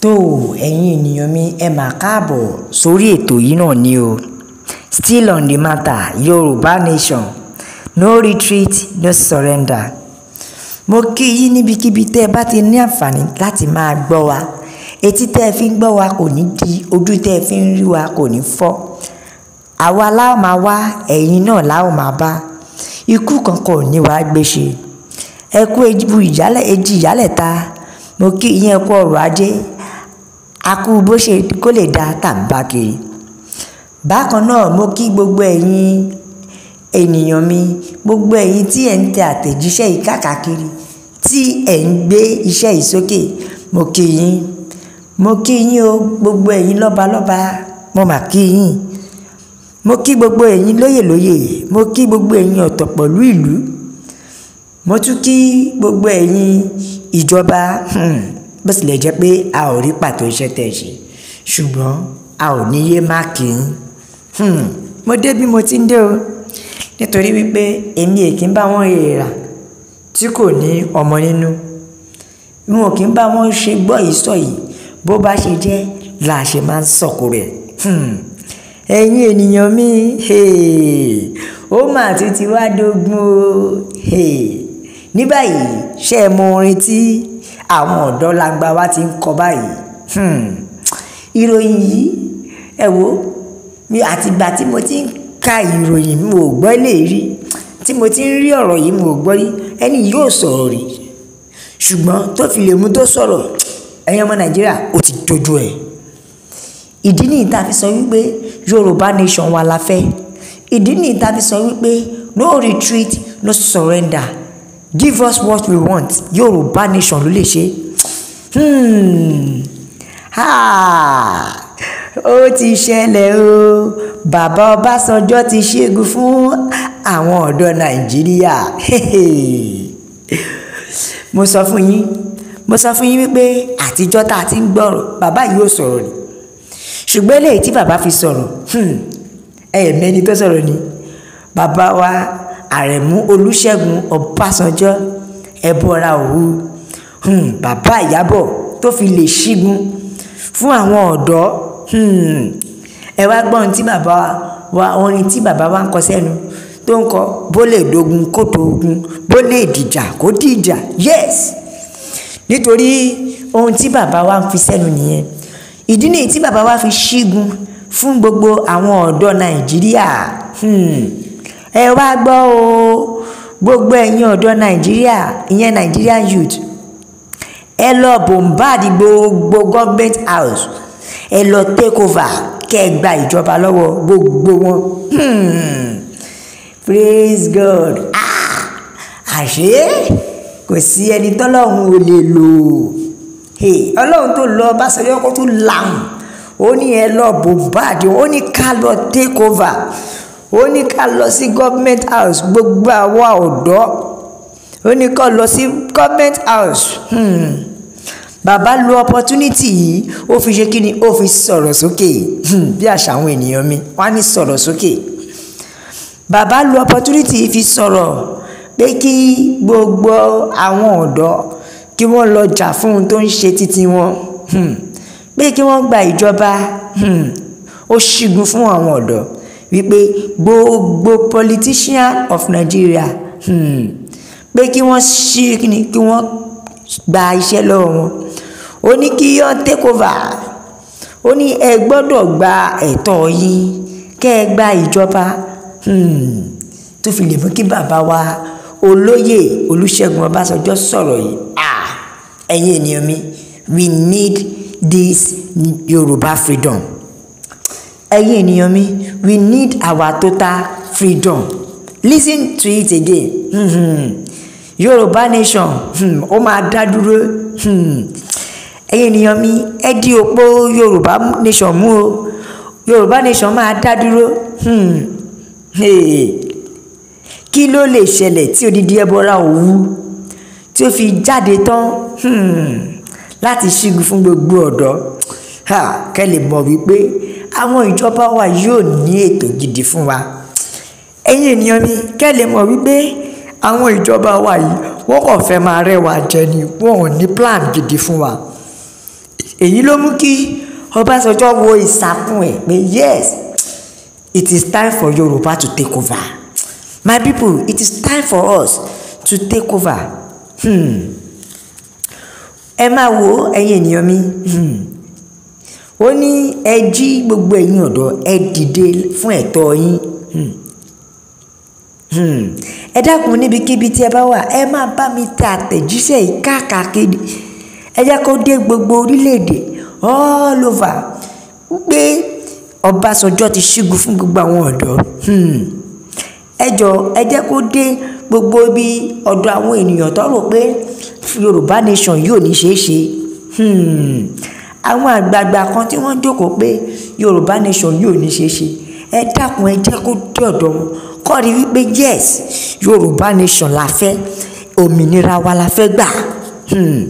tó ẹ̀yin ènìyàn mi ẹ mà káàbọ̀ sórí ètò yìí náà ni o still on the matter yorùbá nation no retreat no surrender mo kí yín níbikíbi tẹ́ ẹ bá ti ní àǹfààní láti máa gbọ́ wa etí tẹ́ ẹ fi ń gbọ́ wa kò ní di ojú tẹ́ ẹ fi ń rí wa kò ní fọ́ àwa la ó máa wá ẹ̀yin náà la ó máa bá ikú kankan ò ní wàá gbé ṣe ẹ kú ebu ìjálẹ̀ ejì ìjálẹ̀ ta mo kí ìyẹn kú ọrọ̀ ajé akú bó ṣe kó lè da tàǹbà kiri bákan náà mo kí gbogbo ẹ̀yin ènìyàn mi gbogbo ẹ̀yin tí ẹ̀ ń tẹ àtẹ̀jíṣẹ́ yìí káàkiri tí ẹ̀ ń gbé iṣẹ́ yìí sókè mo kí yín mo kí yín o gbogbo ẹ̀yin lọ́balọ́ba mo mà kí yín mo kí gbogbo ẹ̀yin lóyè lóyè mo kí gbogbo ẹ̀yin ọ̀tọ̀ pọ̀lú ìlú mo tún kí gbogbo ẹ̀yin ìjọba hmm, bó tilẹ̀ jẹ́ pé a ò rí pàtó iṣẹ́ tẹ̀ ṣe ṣùgbọ́n a ò ní yé máàkì yín hmm, mo dé bí mo ti ń dé o nítorí wípé èmi èkì ń bá wọn rèèrà tí kò ní ọmọ nínú n ò kí ń bá wọn ṣe gbọ́ yìí yìí bó bá ṣe jẹ́ là ṣe máa ń sọ̀kò rẹ̀. Hmm ẹ̀yin ènìyàn mi ó mà ti ti wá dógún o ní báyìí ṣe é mọ orin tí àwọn ọ̀dọ́ langba wa ti ń kọ báyìí hmm. ìròyìn yìí ẹ wo mi àtìgbà tí mo ti ń ka ìròyìn mi ò gbọ́ lè rí tí mo ti ń rí ọ̀rọ̀ yìí mi ò gbọ́ rí ẹni yóò sọ̀rọ̀ rí ṣùgbọ́n tó fi lè mú tó sọ̀rọ̀ ẹ̀yin ọmọ nàìjíríà ó ti dojú ẹ̀ ìdí nìyí tá fi sọ wípé yorùbá nation wa la fẹ́ ìdí nìyí tá a fi sọ wípé no retreat no surrender give us what we want yorùbá nation ló lè ṣe hmm. ah, ó ti ṣẹlẹ̀ o bàbá ọbásanjọ́ ti ṣẹ́gun fún àwọn ọ̀dọ́ nàìjíríà mo sọ fún yín mo sọ fún yín wípé àtijọ́ tá a ti ń gbọ́rọ̀ bàbá yìí ò sọ̀rọ̀ ni ṣùgbọ́n eléyìí tí bàbá fi sọ̀rọ̀ ẹ̀ẹ̀mẹ́ni hmm, tó sọ̀rọ̀ ni bàbá wa àrẹ̀mú olùṣègùn ọbásanjọ́ ẹ̀bọra òwú hmm, bàbá ìyábọ̀ tó fi lè ṣígun fún àwọn ọ̀dọ́ hmm, ẹ wá gbọ́n tí bàbá wa orin tí bàbá wa ń kọ sẹ́nu tó ń kọ bó lè dogun kó dogun bó lè dìjà kó dìjà yes nítorí ohun tí bàbá wa ń fi sẹ́nu nìyẹn ìdí nìyí tí bàbá wa fi ṣígun fún gbogbo àwọn ọ̀dọ́ nàìjíríà hmm. ẹ wá gbọ́ o gbogbo ẹ̀yin ọ̀dọ́ nàìjíríà ìyẹn nigerian youth ẹ lọ bombard gbogbo government house ẹ lọ take over kẹ ẹ gba ìjọba lọ́wọ́ gbogbo wọn hmm. praise god ah! àṣé kò sí ẹni tọ́lọ́run ò lè lò ó ọlọ́run tó lọ Ọbásanjọ́ kó tó làwọn ó ní ẹ lọ bombard ó ní ká lọ take over ó ní ká lọ sí government house gbogbo àwa ọ̀dọ́ ó ní ká lọ sí government house hmm. bàbá lo opportunity yìí ó fi ṣe kí ni ó fi sọ̀rọ̀ sókè hmm. bí àṣà àwọn ènìyàn mi wọ́n ní sọ̀rọ̀ sókè bàbá lo opportunity yìí fi sọ̀rọ̀ pé kí gbogbo àwọn ọ̀dọ́ kí wọ́n lọ jà fún ohun tó ń ṣe títí wọn hmm. pé kí wọ́n gba ìjọba hmm. ó ṣígun fún àwọn ọ̀dọ́ wípé gbogbo politician of Nigeria hmm, pé kí wọ́n ṣí kíni kí wọ́n gba iṣẹ́ lọ́wọ́ wọn ó ní kí yọ take over ó ní ẹ gbọ́dọ̀ gba ẹ̀tọ́ yín kẹ́ ẹ gba ìjọba tó fi lè mú kí bàbá wa olóyè Olúṣẹ́gun Ọbásanjọ́ sọ̀rọ̀ yìí ah ẹ̀yin ènìyàn mi we need this Yorùbá freedom ẹ̀yin ènìyàn mi we need our total freedom listen to it again mm Yorùbá nation hmm, ó máa dá dúró hmm. ẹ̀yin ènìyàn mi ẹ dí òpó Yorùbá nation mú o Yorùbá nation máa dá dúró hmm. kí ló lè ṣẹlẹ̀ tí odidi ẹbọra òwú tí ó fi jáde tán hmm, láti ṣígun fún gbogbo ọ̀dọ́ kẹ́ lè mọ̀ wípé àwọn ìjọba wa yóò ní ètò gidi fún wa ẹ̀yin ènìyàn mi kẹ́ lè mọ̀ wípé àwọn ìjọba wa yìí wọ́n kàn fẹ́ máa rẹwà jẹ ni wọ́n ò ní plan gidi fún wa èyí ló mú kí Ọbásanjọ́ wo ìsàkùn ẹ̀ pé yes it is time for Yorùbá to take over my people it is time for us to take over Hmm. ẹ máa wo ẹ̀yin ènìyàn mi hmm. ó ní ẹ jí gbogbo ẹ̀yin ọ̀dọ́ ẹ dìde fún ẹ̀tọ́ yín hmm. ẹ dákun níbikíbi tí ẹ bá wà ẹ máa bá mi ta àtẹ̀jíṣẹ́ yìí káàkiri ẹ jẹ́ kó dé gbogbo orílẹ̀-èdè all over pé Ọbásanjọ́ ti ṣígun fún gbogbo àwọn ọ̀dọ́ ẹ jọ ẹ jẹ́ kó dé. Hmm gbogbo ibi ọ̀dọ̀ àwọn ènìyàn tó rò pé yorùbá nation yóò ní ṣeé ṣe hmm. àwọn àgbààgbà kan tí wọ́n jókòó pé yorùbá nation yóò ní ṣeé ṣe ẹ dákun ẹ jẹ́ kó dé ọ̀dọ̀ wọn kọ́ rí wípé yes yorùbá nation la fẹ́ òmìnira wa la fẹ́ gbà hmm.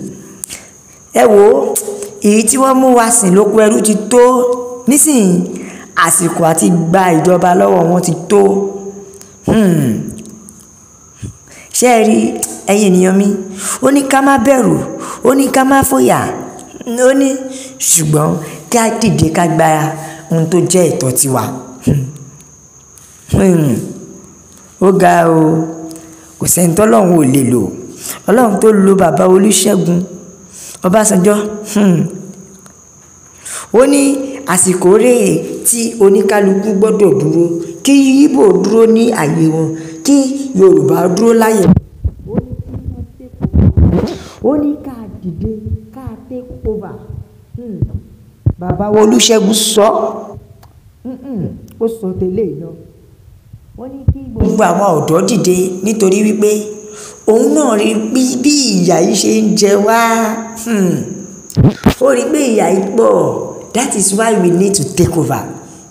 ẹ wo èyí tí wọ́n mú wa sìn lóko ẹrú ti tó nísìnyí àsìkò àti gba ìjọba lọ́wọ́ wọn ti tó. Hmm ṣé ẹ rí ẹ̀yin ènìyàn mi ó ní ká má bẹ̀rù ó ní ká má fòyà ó ní ṣùgbọ́n kí á dìde ká gba ohun tó jẹ́ ẹ̀tọ́ tiwa. Hmm, hmm, ó ga o kò sẹ́ni tọ́lọ́run ò lè lò ọlọ́run tó lo bàbá olúṣẹ́gun ọbásanjọ́ hmm. ó ní àsìkò rèé tí oníkálukú gbọ́dọ̀ dúró kí yíbò dúró ní àyè wọn kí Yorùbá dúró láyè ó ní ká dìde ká take over hmm. bàbá wa Olúṣẹ́gun sọ hmm. ó sọ tẹ́lẹ̀ náà wọ́n ní kí gbogbo àwọn ọ̀dọ́ dìde nítorí wípé òun náà rí bí ìyà yìí ṣe ń jẹ wá hmm. ó rí pé ìyà yìí pọ̀ that is why we need to take over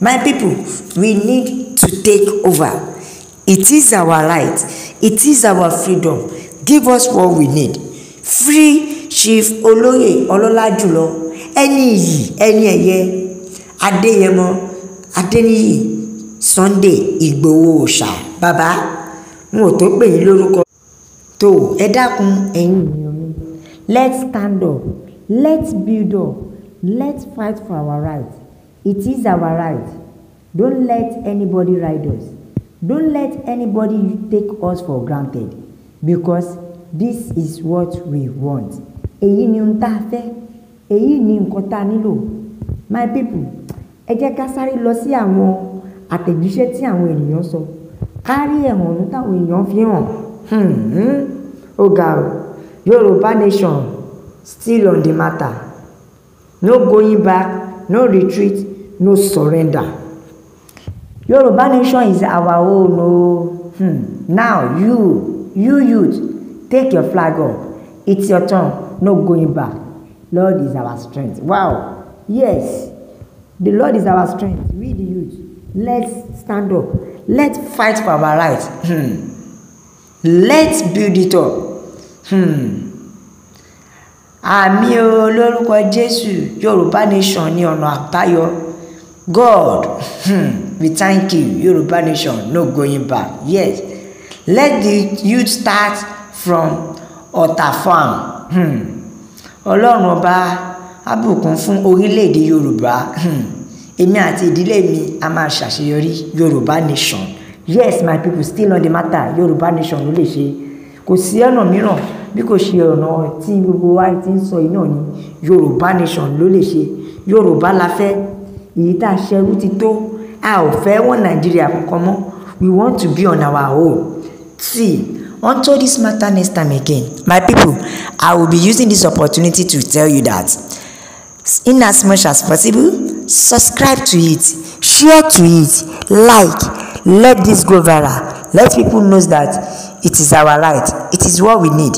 my people we need to take over. It is our right. It is our freedom. Give us what we need. Free Chief Olóyè Ọlọ́lájùlọ ẹni iyì ẹni ẹ̀yẹ Adéyẹmọ Adéníyì Sunday Ìgbòho Òòṣà bàbá n ò tó pè yín lórúkọ. tó ẹ dákun ẹ̀yin ènìyàn mi let's stand up let's build up let's fight for our right it is our right don't let anybody ride us. Don't let anybody take us for granted because this is what we want. Èyí ni ohun tá a fẹ́, èyí ni nǹkan tá a nílò. My people, ẹ jẹ́ ká sáré lọ sí àwọn àtẹ̀jíṣẹ́ tí àwọn ènìyàn sọ. Ká rí ẹ̀hónú táwọn èèyàn fi hàn. Hmm, ó Yorùbá nation still on the matter. No going back, no retreat, no surrender. Yoruba nation is our own o. Hmm. Now you, you youth, take your flag up. It's your turn. No going back. Lord is our strength. Wow. Yes. The Lord is our strength. We the youth. Let's stand up. Let's fight for our rights. Hmm. Let's build it up. Hmm. Àmì o lórúkọ Jésù Yorùbá nation ní ọ̀nà àbáyọ. God. Hmm. We thank you, Yoruba Nation, no going back. Yes, let the youth start from Ọ̀tà farm. Hmm. Ọlọ́run ọba abùkún fún orílẹ̀-èdè Yorùbá. Hmm. Èmi àti ìdílé mi a máa ṣàṣeyọrí Yorùbá Nation. Yes, my people still on the matter Yorùbá Nation ló lè ṣe. Kò sí ọ̀nà mìíràn bí kò ṣe ọ̀nà tí gbogbo wa ti ń sọ yìí náà ni Yorùbá Nation ló lè ṣe. Yorùbá la fẹ́ èyí tá a ṣerú ti tó a ò fẹ́ wọn nàìjíríà kankan mọ́ we want to be on our own see until this matter next time again my people i will be using this opportunity to tell you that in as much as possible subscribe to it share to it like let this go viral let people know that it is our right it is what we need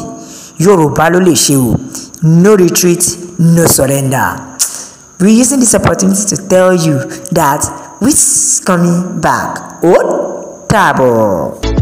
Yoruba ló lè ṣe o no retreat no surrender. We're using this opportunity to tell you that which coming back or trouble.